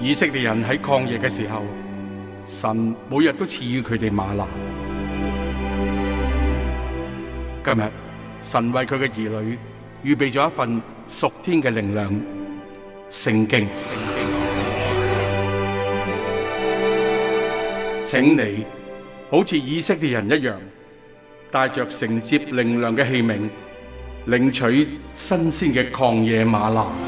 以色列人在曠野的時候，神每日都賜予他們嗎哪。今日神為他的兒女預備了一份屬天的靈糧聖經，聖經。請你好像以色列人一樣，帶着承接靈糧的器皿，領取新鮮的曠野嗎哪。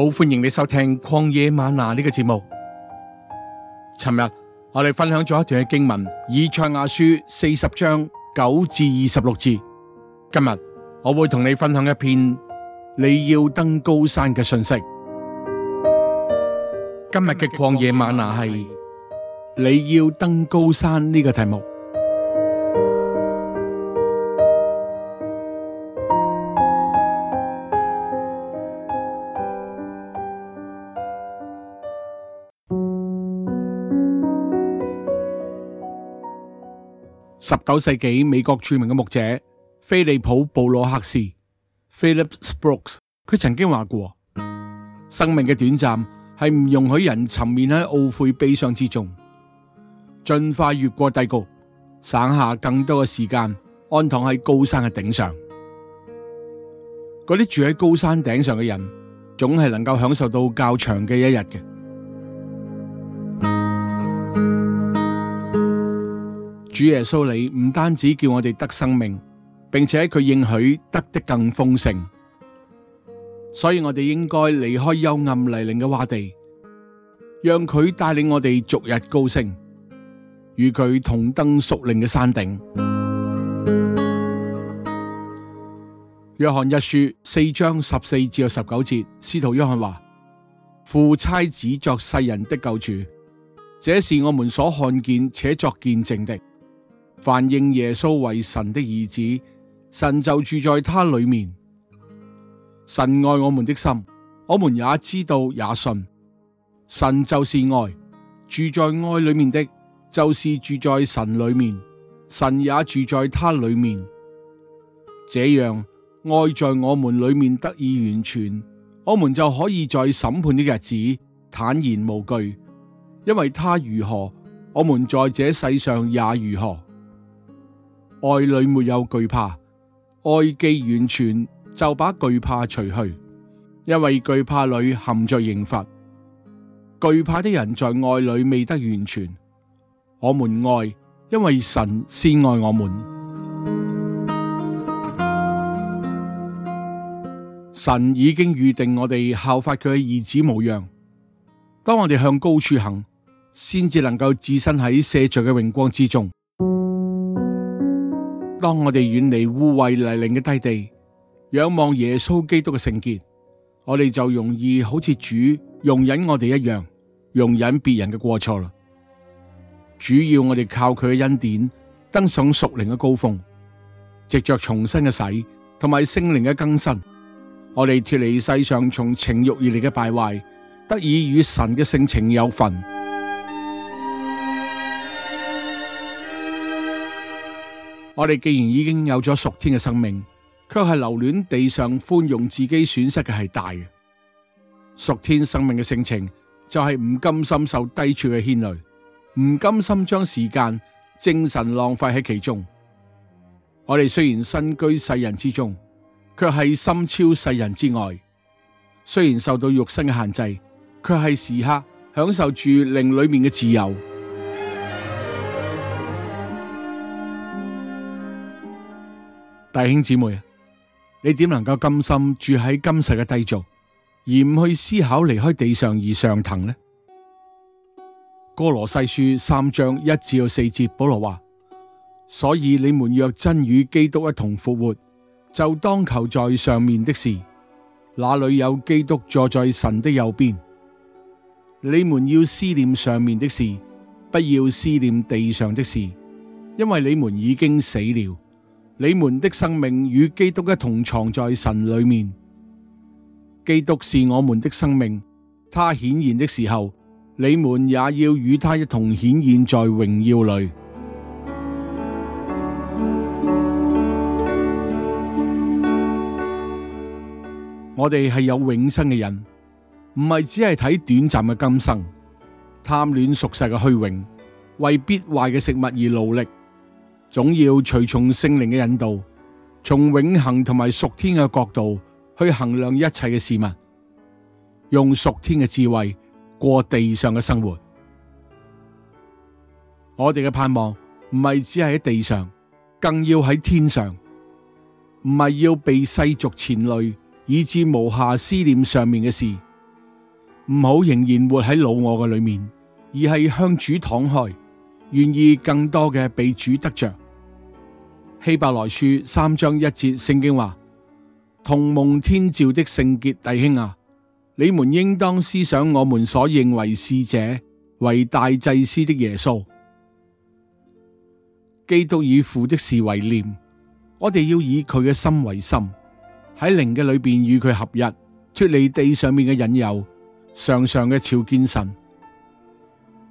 好歡迎你收聽曠野嗎哪呢個節目。尋日我哋分享咗一條嘅經文，以賽亞書四十章九至二十六節。今日我會同你分享一篇你要登高山嘅信息。今日嘅曠野嗎哪係你要登高山呢個題目。十九世紀美國著名嘅牧者菲利普布洛克斯 （Philip Brooks） 佢曾經話過：生命嘅短暫係唔容許人沉眠喺懊悔悲傷之中，盡快越過低谷，省下更多嘅時間，安躺喺高山嘅頂上。嗰啲住喺高山頂上嘅人，總係能夠享受到較長嘅一日嘅。主耶穌，你唔單止叫我哋得生命，並且佢應許得的更豐盛，所以我哋應該離開幽暗泥濘嘅窪地，讓佢帶領我哋逐日高升，與佢同登屬靈嘅山頂。約翰一書四章十四至十九節，司徒約翰話：父差子作世人的救主，這是我們所看見且作見證的。凡認耶穌為神的兒子，神就住在他裏面。神愛我們的心，我們也知道也信。神就是愛，住在愛裏面的，就是住在神裏面。神也住在他裏面，這樣愛在我們裏面得以完全，我們就可以在審判的日子坦然無懼，因為他如何，我們在這世上也如何。愛裏沒有懼怕，愛既完全，就把懼怕除去，因為懼怕裏含着刑罰。懼怕的人在愛裏未得完全。我們愛，因為神先愛我們。神已經預定我哋效法佢嘅兒子模樣。當我哋向高處行，先至能夠置身喺射著嘅榮光之中。當我哋遠離污穢泥濘嘅低地，仰望耶穌基督嘅聖潔，我哋就容易好似主容忍我哋一樣容忍別人嘅過錯啦。主要我哋靠佢嘅恩典登上屬靈嘅高峰，藉着重生嘅洗同埋聖靈嘅更新，我哋脫離世上從情欲而嚟嘅敗壞，得以與神嘅性情有份。我哋既然已經有咗屬天嘅生命，卻係留戀地上寬容自己損失嘅係大嘅。屬天生命嘅性情就係、是、唔甘心受低處嘅牽累，唔甘心將時間、精神浪費喺其中。我哋雖然身居世人之中，卻係心超世人之外。雖然受到肉身嘅限制，卻係時刻享受住靈裏面嘅自由。弟兄姊妹啊，你點能夠甘心住喺今世嘅低俗，而唔去思考離開地上而上騰呢？哥羅西書三章一至到四節，保羅話：所以你們若真與基督一同復活，就當求在上面的事。那裏有基督坐在神的右邊，你們要思念上面的事，不要思念地上的事，因為你們已經死了。你們的生命與基督一同藏在神裏面，基督是我們的生命，他顯現的時候，你們也要與他一同顯現在榮耀裏。 我哋係有永生嘅人，唔係只係睇短暫嘅今生，貪戀俗世嘅虛榮，為必壞嘅食物而努力。總要隨從聖靈嘅引導，從永恆同埋屬天嘅角度去衡量一切嘅事物，用屬天嘅智慧過地上嘅生活。我哋嘅盼望唔係只係喺地上，更要喺天上。唔係要被世俗牽累，以致無暇思念上面嘅事。唔好仍然活喺老我嘅裏面，而係向主敞開。願意更多嘅被主得着希伯來書三章一節聖經話：同蒙天召的聖潔弟兄啊，你們應當思想我們所認為使者為大祭司的耶穌。基督以父的事為念。我哋要以佢嘅心為心，喺靈嘅裏邊與佢合一，脱離地上面嘅引誘，常常嘅朝見神。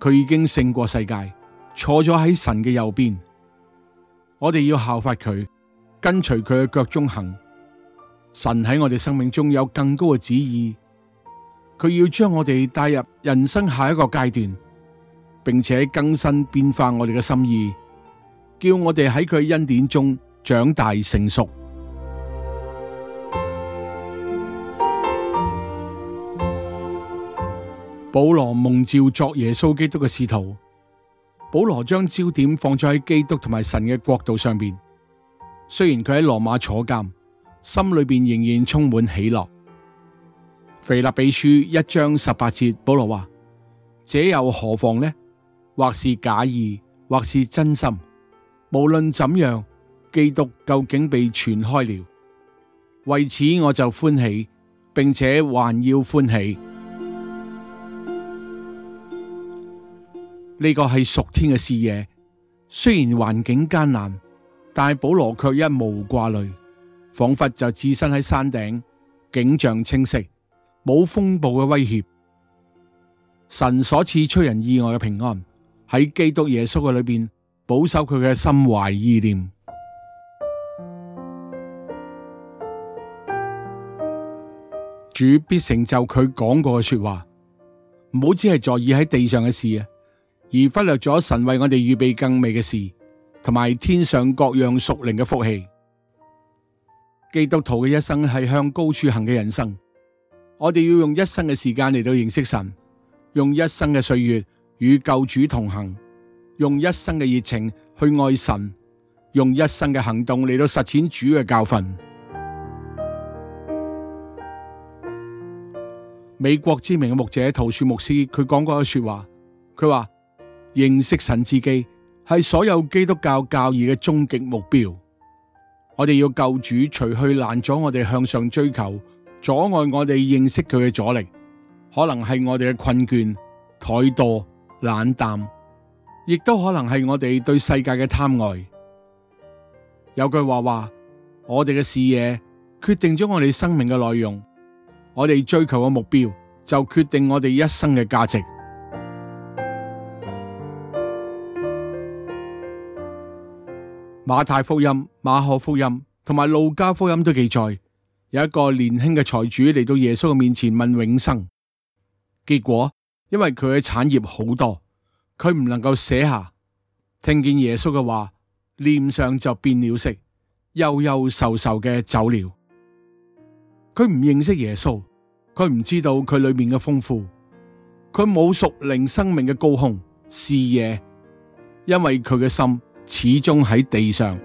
佢已經勝過世界。坐咗喺神嘅右邊，我哋要效法佢，跟隨佢嘅腳中行。神喺我哋生命中有更高嘅旨意，佢要將我哋帶入人生下一個階段，並且更新變化我哋嘅心意，叫我哋喺佢恩典中長大成熟。保羅蒙召作耶穌基督嘅使徒。保羅將焦點放在喺基督同埋神嘅國度上邊，雖然佢喺羅馬坐監，心裏邊仍然充滿喜樂。腓立比書一章十八節，保羅話：這又何妨呢？或是假意，或是真心，無論怎樣，基督究竟被傳開了，為此我就歡喜，並且還要歡喜。呢、這個係屬天嘅視野，雖然環境艱難，但係保羅卻一無掛慮，仿佛就置身喺山頂，景象清晰，冇風暴嘅威脅。神所賜出人意外嘅平安，喺基督耶穌嘅裏邊，保守佢嘅心懷意念。 主必成就佢講過嘅說話，唔好只係在意喺地上嘅事啊！而忽略咗神為我哋預備更美嘅事，同埋天上各樣屬靈嘅福氣。基督徒嘅一生係向高處行嘅人生，我哋要用一生嘅時間嚟到認識神，用一生嘅歲月與救主同行，用一生嘅熱情去愛神，用一生嘅行動嚟到實踐主嘅教訓。美國知名嘅牧者陶恕牧師，佢講過一句說話，佢話。認識神自己係所有基督教教義嘅終極目標。我哋要救主除去攔阻我哋向上追求，阻礙我哋認識佢嘅阻力，可能係我哋嘅困倦、怠惰、冷淡，亦都可能係我哋對世界嘅貪愛。有句話話：我哋嘅視野決定咗我哋生命嘅內容，我哋追求嘅目標就決定我哋一生嘅價值。馬太福音、馬可福音同埋路加福音都記載，有一個年輕嘅財主嚟到耶穌嘅面前問永生，結果因為佢嘅產業好多，佢唔能夠寫下，聽見耶穌嘅話，臉上就變了色，憂憂愁愁嘅走了。佢唔認識耶穌，佢唔知道佢裏面嘅豐富，佢冇屬靈生命嘅高空視野，因為佢嘅心始終喺地上，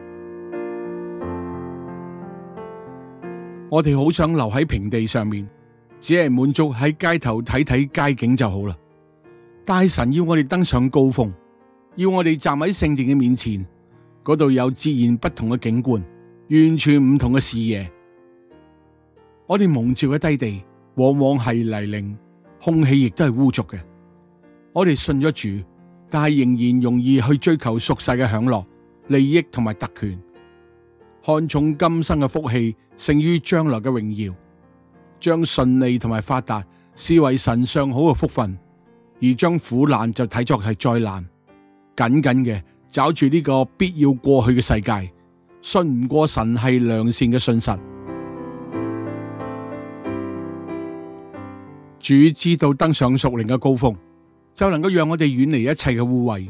我哋好想留喺平地上面，只係滿足喺街頭睇睇街景就好啦。大神要我哋登上高峰，要我哋站喺聖殿嘅面前，嗰度有截然不同嘅景觀，完全唔同嘅視野。我哋蒙召嘅低地，往往係泥濘，空氣亦都係污濁嘅。我哋信咗主。但係仍然容易去追求俗世嘅享樂、利益同埋特權，看重今生嘅福氣勝於將來嘅榮耀，將順利同埋發達視為神上好嘅福分，而將苦難就睇作係災難，緊緊嘅找住呢個必要過去嘅世界，信唔過神係良善嘅信實。主知道登上屬靈嘅高峰。就能夠讓我哋遠離一切嘅污穢，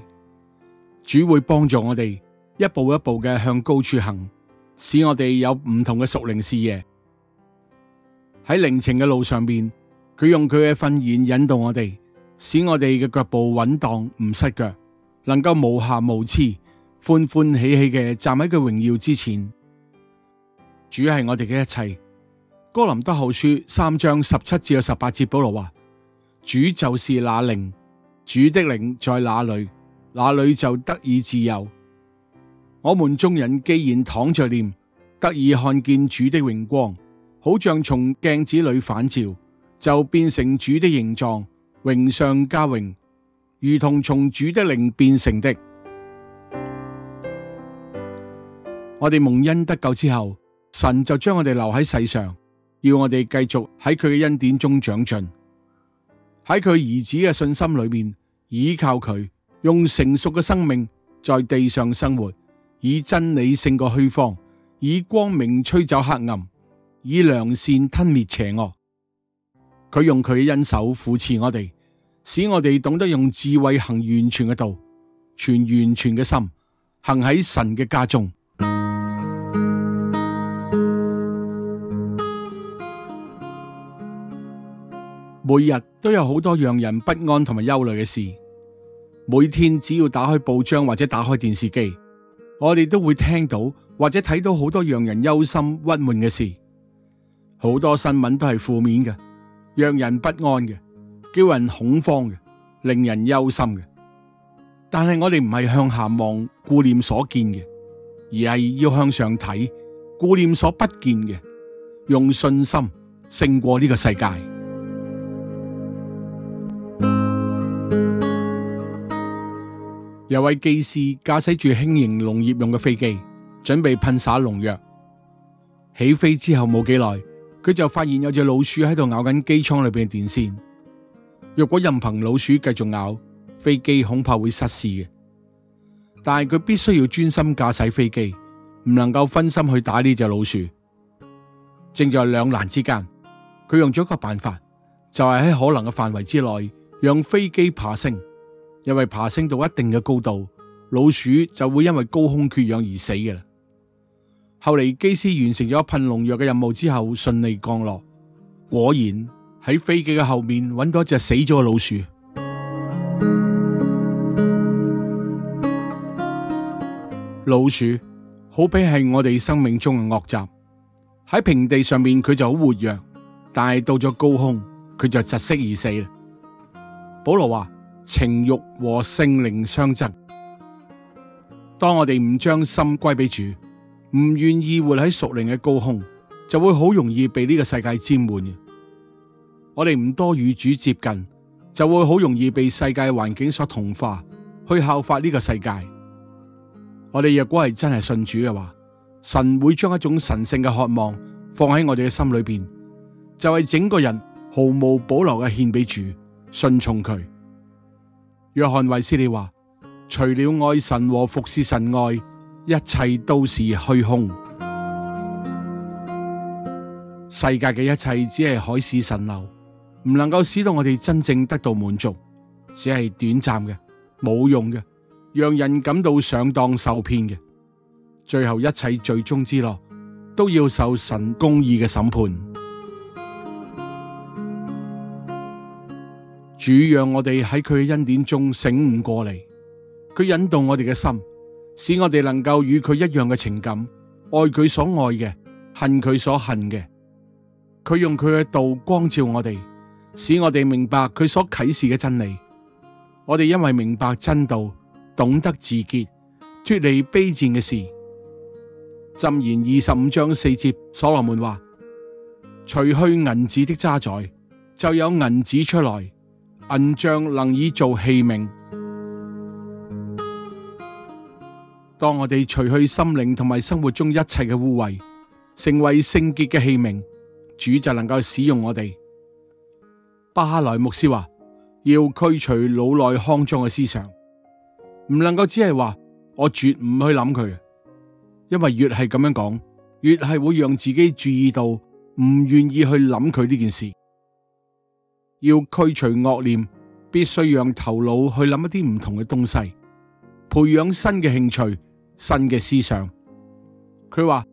主會幫助我哋一步一步嘅向高處行，使我哋有唔同嘅屬靈視野。喺靈情嘅路上面，佢用佢嘅訓言引導我哋，使我哋嘅腳步穩當，唔失腳，能夠無瑕無疵，歡歡喜喜嘅站喺佢榮耀之前。主係我哋嘅一切。哥林多後書三章十七至十八節，保羅話：主就是那靈。主的靈在哪裏，那裏就得以自由。我們眾人既然躺着念，得以看見主的榮光，好像從鏡子裏反照，就變成主的形狀，榮上加榮，如同從主的靈變成的。我哋蒙恩得救之後，神就將我哋留喺世上，要我哋繼續喺佢嘅恩典中長進，喺佢兒子嘅信心裏面。依靠佢，用成熟嘅生命在地上生活，以真理勝過虛謊，以光明吹走黑暗，以良善吞滅邪惡。佢用佢嘅恩手扶持我哋，使我哋懂得用智慧行完全嘅道，存完全嘅心，行喺神嘅家中。每日都有好多讓人不安同埋憂慮嘅事。每天只要打開有位機師駕駛住輕型農業用嘅飛機，準備噴灑農藥。起飛之後冇幾耐，佢就發現有隻老鼠喺度咬緊機艙裏邊嘅電線。若果任憑老鼠繼續咬，飛機恐怕會失事嘅。但係佢必須要專心駕駛飛機，唔能夠分心去打呢隻老鼠。正在兩難之間，佢用咗一個辦法，就係喺可能嘅範圍之內，讓飛機爬升。因為爬升到一定嘅高度，老鼠就會因為高空缺氧而死嘅啦。後嚟機師完成咗噴農藥嘅任務之後，順利降落，果然喺飛機嘅後面搵到一隻死咗嘅老鼠。老鼠好比係我哋生命中嘅惡習，喺平地上面佢就好活躍，但係到咗高空佢就窒息而死啦。保羅話。情欲和聖靈相爭，當我哋唔將心歸俾主，唔願意活喺屬靈嘅高空，就會好容易被呢個世界沾滿。我哋唔多與主接近，就會好容易被世界環境所同化，去效法呢個世界。我哋若果係真係信主嘅話，神會將一種神聖嘅渴望放喺我哋嘅心裏邊，就係整個人毫無保留嘅獻俾主，順從佢。約翰衛斯理話：除了愛神和服侍神外，一切都是虛空。世界嘅一切只係海市蜃樓，唔能夠使到我哋真正得到滿足，只係短暫嘅，冇用嘅，讓人感到上當受騙嘅。最後一切最終之樂都要受神公義嘅審判。主讓我哋喺佢嘅恩典中醒悟過嚟，佢引導我哋嘅心，使我哋能夠與佢一樣嘅情感，愛佢所愛嘅，恨佢所恨嘅。佢用佢嘅道光照我哋，使我哋明白佢所啟示嘅真理。我哋因為明白真道，懂得自潔，脫離卑賤嘅事。箴言二十五章四節，所羅門話：除去銀子的渣滓，就有銀子出來。銀匠能以做器皿。當我哋除去心靈同埋生活中一切嘅污穢，成為聖潔嘅器皿，主就能夠使用我哋。巴哈萊牧師話：要驅除腦內骯髒嘅思想，唔能夠只係話我絕唔去諗佢，因為越係咁樣講，越係會讓自己注意到唔願意去諗佢呢件事。要驅除惡念，必須讓頭腦去諗一啲唔同嘅東西，培養新嘅興趣、新嘅思想。佢話：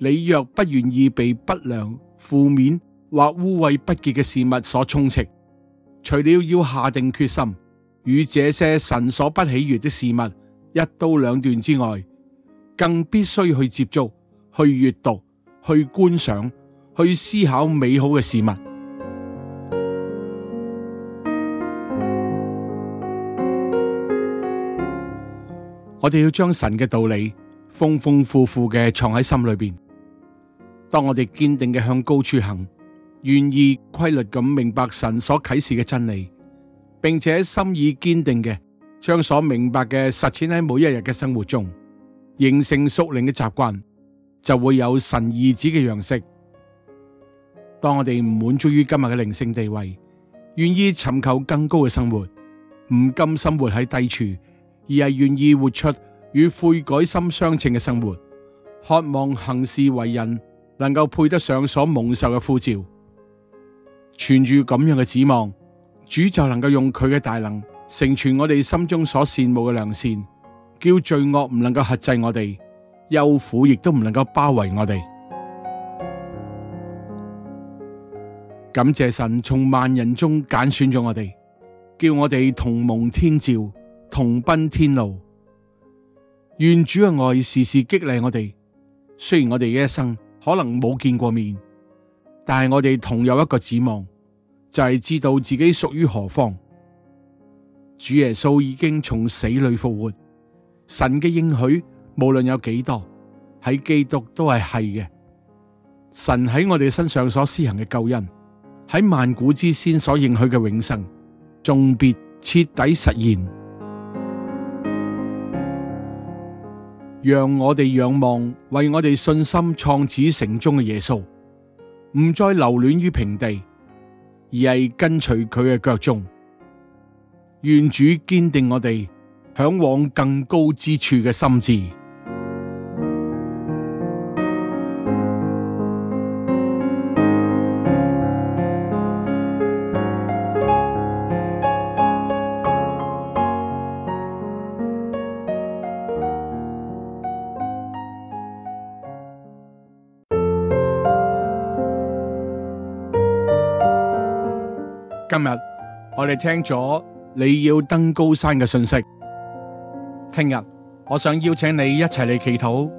你若不願意被不良、負面或污穢不潔嘅事物所充斥，除了要下定決心，與這些神所不喜悅的事物一刀兩斷之外，更必須去接觸、去閱讀、去觀賞、去思考美好嘅事物。我哋要將神嘅道理豐豐富富嘅藏喺心裏邊。當我哋堅定嘅向高處行，願意規律咁明白神所啟示嘅真理，並且心意堅定嘅將所明白嘅實踐喺每一日嘅生活中，形成屬靈嘅習慣，就會有神兒子嘅樣式。當我哋唔滿足於今日嘅靈性地位，願意尋求更高嘅生活，唔甘生活喺低處。而係願意活出與悔改心相稱嘅生活，渴望行事為人能夠配得上所蒙受嘅呼召，存住咁樣嘅指望，主就能夠用佢嘅大能成全我哋心中所羨慕嘅良善，叫罪惡唔能夠克制我哋，憂苦亦都唔能夠包圍我哋。感謝神從萬人中揀選咗我哋，叫我哋同蒙天召。同奔天路，願主嘅愛時時激勵我哋。雖然我哋嘅一生可能冇見過面，但係我哋同有一個指望，就係知道自己屬於何方。主耶穌已經從死裏復活，神嘅應許無論有幾多，喺基督都係係嘅。神喺我哋身上所施行嘅救恩，喺萬古之先所應許嘅永生，終別徹底實現。讓我哋仰望，為我哋信心創始成終嘅耶穌，唔再留戀於平地，而係跟隨佢嘅腳蹤。願主堅定我哋向往更高之處嘅心智。我哋聽咗你要登高山嘅信息，聽日我想邀請你一齊嚟祈禱，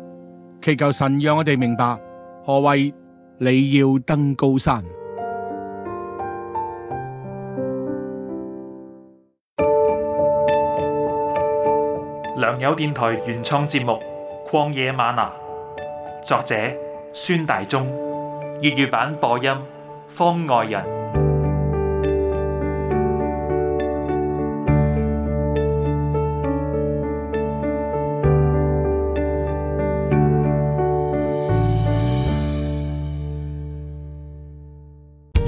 祈求神讓我哋明白何謂你要登高山。良友電台原創節目《曠野嗎哪》，作者孫大中，粵語版播音方外人。